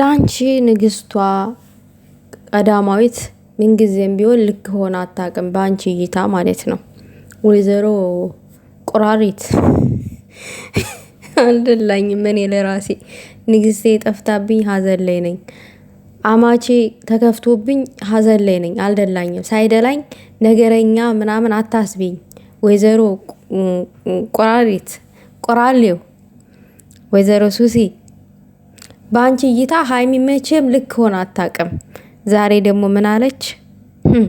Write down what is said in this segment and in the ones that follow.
ለአንቺ ንግስቷ ቀዳማዊት ምንጊዜም ቢሆን ልክ ሆነ አታውቅም፣ በአንቺ እይታ ማለት ነው። ወይዘሮ ቆራሪት አልደላኝም። እኔ ለራሴ ንግስቴ ጠፍታብኝ ሀዘን ላይ ነኝ። አማቼ ተከፍቶብኝ ሀዘን ላይ ነኝ። አልደላኝም። ሳይደላኝ ነገረኛ ምናምን አታስቢኝ ወይዘሮ ቆራሪት ቆራሌው ወይዘሮ ሱሴ በአንቺ እይታ ሀይሚ መቼም ልክ ሆነ አታውቅም። ዛሬ ደግሞ ምን አለች? Hm።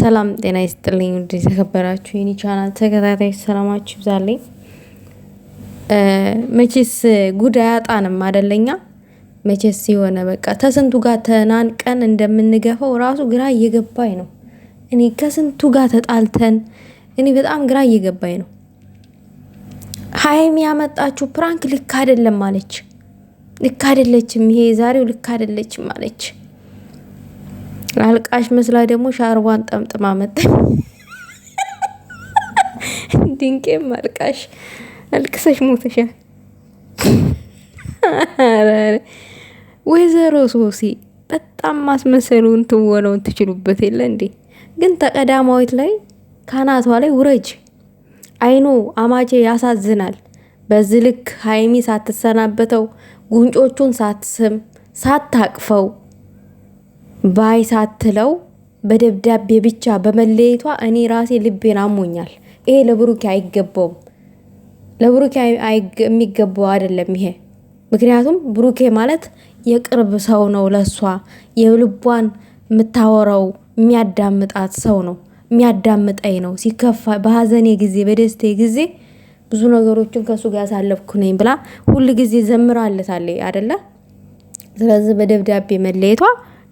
ሰላም ጤና ይስጥልኝ ውድ የተከበራችሁ የኔ ቻናል ተከታታዮች ሰላማችሁ ይብዛልኝ። መቼስ ጉድ አያጣንም አደለኛ። መቼስ የሆነ በቃ ከስንቱ ጋር ተናንቀን እንደምንገፈው ራሱ ግራ እየገባኝ ነው። እኔ ከስንቱ ጋር ተጣልተን እኔ በጣም ግራ እየገባኝ ነው። ሀይሚ ያመጣችሁ ፕራንክ ልክ አይደለም አለች። ልክ አይደለችም፣ ይሄ ዛሬው ልክ አይደለችም አለች። አልቃሽ መስላ ደግሞ ሻርቧን ጠምጥማ መጠ ድንቄም አልቃሽ አልቅሰሽ ሞተሻል። ወይዘሮ ሶሲ በጣም ማስመሰሉን ትወነውን ትችሉበት የለ እንዴ? ግን ተቀዳማዊት ላይ ካናቷ ላይ ውረጅ። አይኖ አማቼ ያሳዝናል። በዚህ ልክ ሀይሚ ሳትሰናበተው ጉንጮቹን ሳትስም ሳታቅፈው ባይ ሳትለው በደብዳቤ ብቻ በመለየቷ እኔ ራሴ ልቤን አሞኛል። ይሄ ለብሩኬ አይገባውም። ለብሩኬ የሚገባው አይደለም ይሄ። ምክንያቱም ብሩኬ ማለት የቅርብ ሰው ነው ለሷ የልቧን የምታወራው የሚያዳምጣት ሰው ነው። የሚያዳምጠኝ ነው ሲከፋ በሀዘኔ ጊዜ በደስቴ ጊዜ ብዙ ነገሮችን ከእሱ ጋር ያሳለፍኩ ነኝ ብላ ሁል ጊዜ ዘምራለታለ አደለ? ስለዚህ በደብዳቤ መለየቷ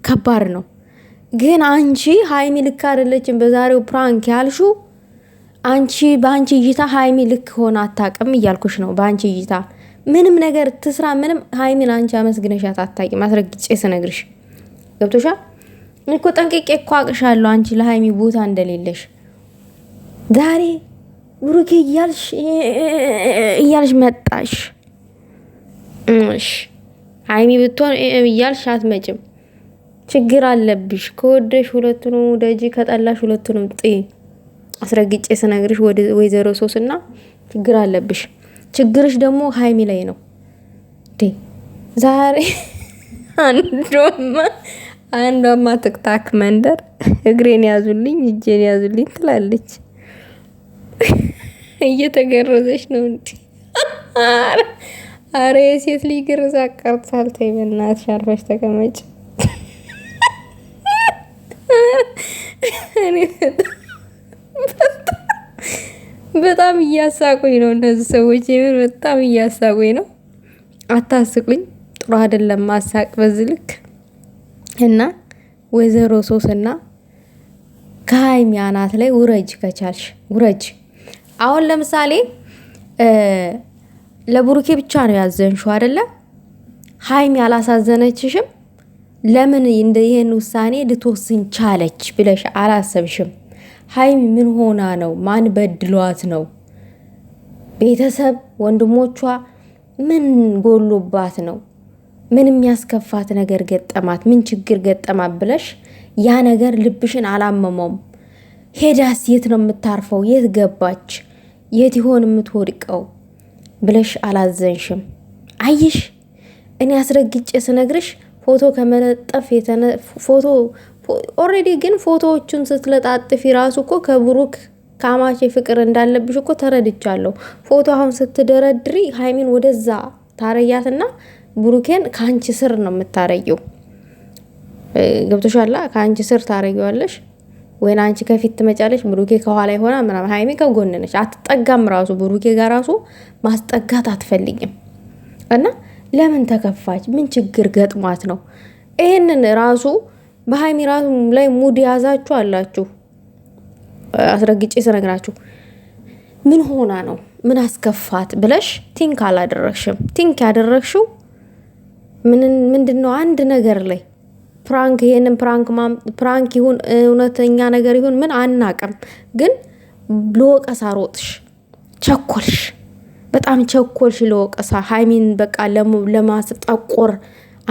ከባድ ነው። ግን አንቺ ሀይሚ ልክ አይደለችም በዛሬው ፕራንክ ያልሹ አንቺ በአንቺ እይታ ሀይሚ ልክ ሆነ አታቅም እያልኩሽ ነው። በአንቺ እይታ ምንም ነገር ትስራ ምንም ሀይሚን አንቺ አመስግነሻት አታቂም። አስረግጬ ስነግርሽ ገብቶሻል እኮ ጠንቅቄ እኮ አቅሻለሁ አንቺ ለሀይሚ ቦታ እንደሌለሽ ዛሬ ውርጌ እያልሽ እያልሽ መጣሽ። እሺ ሀይሚ ብትሆን እያልሽ አትመጭም። ችግር አለብሽ። ከወደሽ ሁለቱንም ውደጂ፣ ከጠላሽ ሁለቱንም ጥይ። አስረግጬ ስነግርሽ ወይዘሮ እና ችግር አለብሽ። ችግርሽ ደግሞ ሀይሚ ላይ ነው። ዛሬ አንዷማ አንዷማ ትክታክ መንደር እግሬን ያዙልኝ እጄን ያዙልኝ ትላለች። እየተገረዘች ነው እንዲ። አረ የሴት ልጅ ግርዛ ቀርቷል። ተይ በእናትሽ አርፈሽ ተቀመጭ። በጣም እያሳቁኝ ነው እነዚህ ሰዎች፣ የምር በጣም እያሳቁኝ ነው። አታስቁኝ፣ ጥሩ አይደለም ማሳቅ በዚህ ልክ እና ወይዘሮ ሶስና ከሀይሚ አናት ላይ ውረጅ፣ ከቻልሽ ውረጅ። አሁን ለምሳሌ ለቡሩኬ ብቻ ነው ያዘንሽው አይደለም። ሀይሚ አላሳዘነችሽም? ለምን እንደ ይህን ውሳኔ ልትወስን ቻለች ብለሽ አላሰብሽም? ሀይሚ ምን ሆና ነው? ማን በድሏት ነው? ቤተሰብ ወንድሞቿ ምን ጎሎባት ነው? ምን የሚያስከፋት ነገር ገጠማት? ምን ችግር ገጠማት ብለሽ ያ ነገር ልብሽን አላመመውም? ሄዳስ የት ነው የምታርፈው? የት ገባች? የት ይሆን የምትወድቀው ብለሽ አላዘንሽም። አይሽ እኔ አስረግጬ ስነግርሽ ፎቶ ከመለጠፍ ፎቶ ኦልሬዲ ግን ፎቶዎቹን ስትለጣጥፊ ራሱ እኮ ከብሩክ ከአማች ፍቅር እንዳለብሽ እኮ ተረድቻለሁ። ፎቶ አሁን ስትደረድሪ ሀይሚን ወደዛ ታረያትና ብሩኬን ከአንቺ ስር ነው የምታረየው። ገብቶሻላ? ከአንቺ ስር ታረየዋለሽ። ወይን አንቺ ከፊት ትመጫለች፣ ብሩኬ ከኋላ ይሆና ምናምን። ሀይሚ ከጎን አትጠጋም። ራሱ ብሩኬ ጋር ራሱ ማስጠጋት አትፈልግም። እና ለምን ተከፋች? ምን ችግር ገጥሟት ነው? ይህንን ራሱ በሀይሚ ራሱ ላይ ሙድ ያዛችሁ አላችሁ። አስረግጬ ስነግራችሁ ምን ሆና ነው ምን አስከፋት ብለሽ ቲንክ አላደረግሽም። ቲንክ ያደረግሽው ምንድን ነው? አንድ ነገር ላይ ፕራንክ ይሄንን ፕራንክ ፕራንክ ይሁን እውነተኛ ነገር ይሁን ምን አናቅም፣ ግን ለወቀሳ ሮጥሽ፣ ቸኮልሽ፣ በጣም ቸኮልሽ ለወቀሳ ሀይሚን በቃ ለማስጠቆር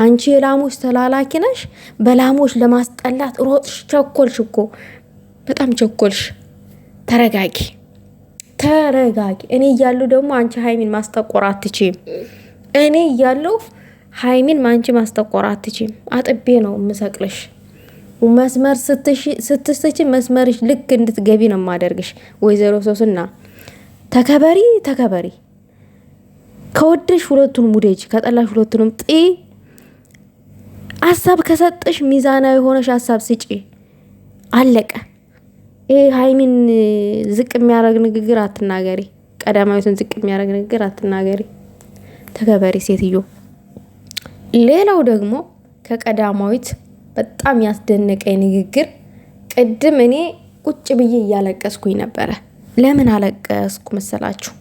አንቺ የላሞች ተላላኪ ነሽ። በላሞች ለማስጠላት ሮጥሽ፣ ቸኮልሽ እኮ በጣም ቸኮልሽ። ተረጋጊ፣ ተረጋጊ። እኔ እያለሁ ደግሞ አንቺ ሀይሚን ማስጠቆር አትችም። እኔ እያለሁ ሀይሚን ማንቺ ማስተቆር አትችም። አጥቤ ነው ምሰቅልሽ። መስመር ስትስች መስመርሽ ልክ እንድትገቢ ነው ማደርግሽ። ወይዘሮ ሶስና ተከበሪ፣ ተከበሪ። ከወደሽ ሁለቱን ውደጅ፣ ከጠላሽ ሁለቱንም ጥ ሀሳብ ከሰጠሽ ሚዛናዊ የሆነሽ ሀሳብ ስጪ። አለቀ። ይሄ ሀይሚን ዝቅ የሚያደርግ ንግግር አትናገሪ። ቀዳማዊትን ዝቅ የሚያደርግ ንግግር አትናገሪ። ተከበሪ ሴትዮ። ሌላው ደግሞ ከቀዳማዊት በጣም ያስደነቀኝ ንግግር ቅድም እኔ ቁጭ ብዬ እያለቀስኩኝ ነበረ። ለምን አለቀስኩ መሰላችሁ?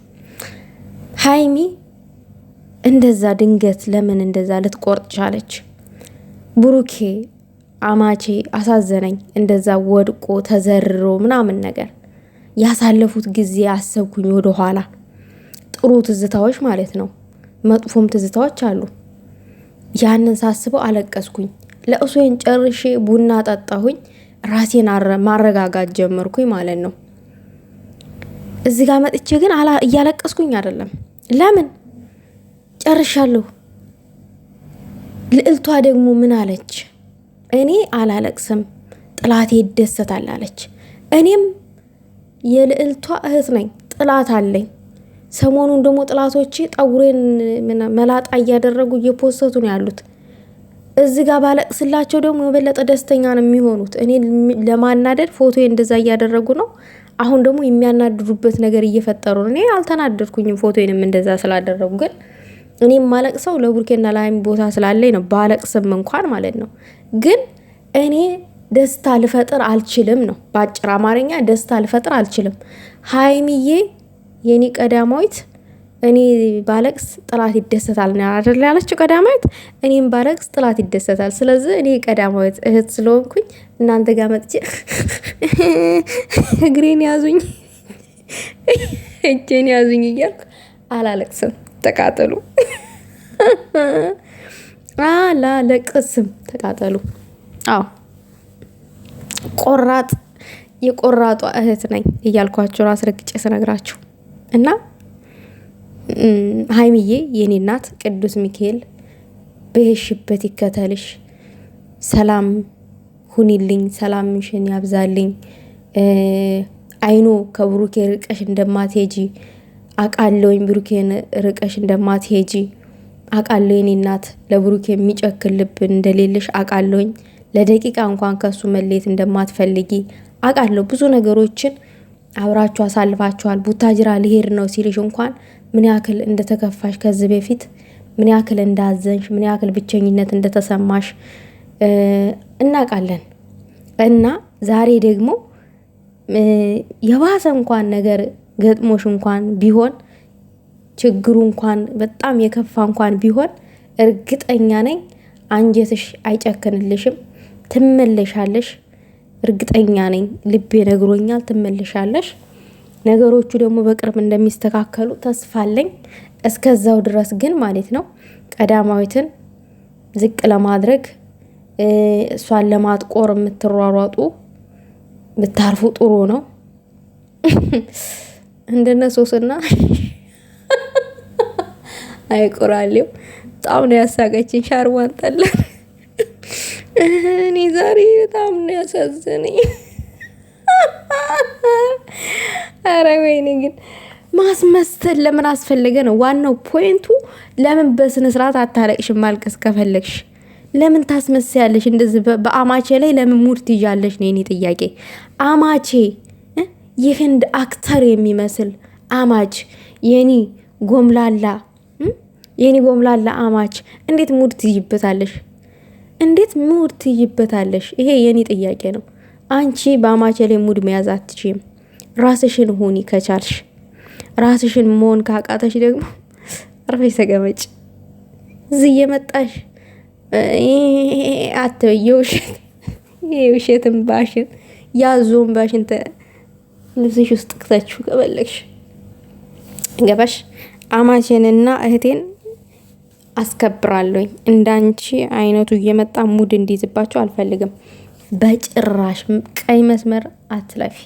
ሀይሚ እንደዛ ድንገት ለምን እንደዛ ልትቆርጥ ቻለች? ብሩኬ አማቼ አሳዘነኝ፣ እንደዛ ወድቆ ተዘርሮ ምናምን ነገር ያሳለፉት ጊዜ አሰብኩኝ ወደኋላ። ጥሩ ትዝታዎች ማለት ነው፣ መጥፎም ትዝታዎች አሉ። ያንን ሳስበው አለቀስኩኝ። ለእሱን ጨርሼ ቡና ጠጣሁኝ። ራሴን ማረጋጋት ጀመርኩኝ ማለት ነው። እዚ ጋ መጥቼ ግን እያለቀስኩኝ አይደለም። ለምን ጨርሻለሁ። ልዕልቷ ደግሞ ምን አለች? እኔ አላለቅስም ጥላቴ ይደሰታል አለች። እኔም የልዕልቷ እህት ነኝ ጥላት አለኝ። ሰሞኑን ደግሞ ጥላቶች ጠጉሬን መላጣ እያደረጉ እየፖሰቱ ነው ያሉት። እዚህ ጋር ባለቅስላቸው ደግሞ የበለጠ ደስተኛ ነው የሚሆኑት። እኔ ለማናደድ ፎቶ እንደዛ እያደረጉ ነው። አሁን ደግሞ የሚያናድዱበት ነገር እየፈጠሩ ነው። እኔ አልተናደድኩኝም ፎቶንም እንደዛ ስላደረጉ፣ ግን እኔም ማለቅሰው ለቡርኬና ለሀይሚ ቦታ ስላለኝ ነው። ባለቅስም እንኳን ማለት ነው። ግን እኔ ደስታ ልፈጥር አልችልም ነው። በአጭር አማርኛ ደስታ ልፈጥር አልችልም። ሀይሚዬ የኔ ቀዳማዊት እኔ ባለቅስ ጥላት ይደሰታል አደለ ያለችው? ቀዳማዊት እኔም ባለቅስ ጥላት ይደሰታል። ስለዚህ እኔ ቀዳማዊት እህት ስለሆንኩኝ እናንተ ጋር መጥቼ እግሬን ያዙኝ፣ እጄን ያዙኝ እያልኩ አላለቅስም። ተቃጠሉ፣ አላለቅስም፣ ተቃጠሉ። አዎ ቆራጥ የቆራጧ እህት ነኝ እያልኳቸው አስረግጬ ስነግራችሁ እና ሀይሚዬ የኔ እናት ቅዱስ ሚካኤል በሄሽበት ይከተልሽ፣ ሰላም ሁኒልኝ፣ ሰላምሽን ያብዛልኝ። አይኖ ከብሩኬ ርቀሽ እንደማትሄጂ አቃለውኝ። ብሩኬን ርቀሽ እንደማትሄጂ አቃለ የኔ እናት ለብሩኬ የሚጨክል ልብ እንደሌለሽ አቃለውኝ። ለደቂቃ እንኳን ከሱ መለየት እንደማትፈልጊ አቃለው። ብዙ ነገሮችን አብራችሁ አሳልፋችኋል። ቡታጅራ ልሄድ ነው ሲልሽ እንኳን ምን ያክል እንደተከፋሽ ከዚህ በፊት ምን ያክል እንዳዘንሽ ምን ያክል ብቸኝነት እንደተሰማሽ እናውቃለን። እና ዛሬ ደግሞ የባሰ እንኳን ነገር ገጥሞሽ እንኳን ቢሆን ችግሩ እንኳን በጣም የከፋ እንኳን ቢሆን እርግጠኛ ነኝ አንጀትሽ አይጨክንልሽም፣ ትመለሻለሽ። እርግጠኛ ነኝ ልቤ ነግሮኛል፣ ትመልሻለሽ። ነገሮቹ ደግሞ በቅርብ እንደሚስተካከሉ ተስፋ አለኝ። እስከዛው ድረስ ግን ማለት ነው ቀዳማዊትን ዝቅ ለማድረግ እሷን ለማጥቆር የምትሯሯጡ ብታርፉ ጥሩ ነው። እንደነ ሶስና አይቆራሌው በጣም ነው ያሳቀችን። ሻርዋን እኔ ዛሬ በጣም ነው ያሳዘነኝ። አረ ወይኔ ግን ማስመሰል ለምን አስፈለገ ነው ዋናው ፖይንቱ። ለምን በስነ ስርዓት አታለቅሽ? ማልቀስ ከፈለግሽ ለምን ታስመስያለሽ? እንደዚህ በአማቼ ላይ ለምን ሙድ ትይዣለሽ ነው የኔ ጥያቄ። አማቼ የህንድ አክተር የሚመስል አማች የኔ ጎምላላ የኔ ጎምላላ አማች እንዴት ሙድ ትይዥበታለሽ? እንዴት ሙድ ትይበታለሽ? ይሄ የኔ ጥያቄ ነው። አንቺ ላይ ሙድ መያዝ አትችም። ራስሽን ሁኒ ከቻልሽ። ራስሽን መሆን ካቃተሽ ደግሞ አርፈሽ ተቀመጭ። እዚህ እየመጣሽ አትበይ። ውሸት ውሸትን ባሽን ያዞን ባሽን ልብስሽ ውስጥ ቅታችሁ ከበለግሽ ገባሽ። አማቼንና እህቴን አስከብራለሁኝ። እንዳንቺ አይነቱ እየመጣ ሙድ እንዲይዝባቸው አልፈልግም። በጭራሽ ቀይ መስመር አትለፊ።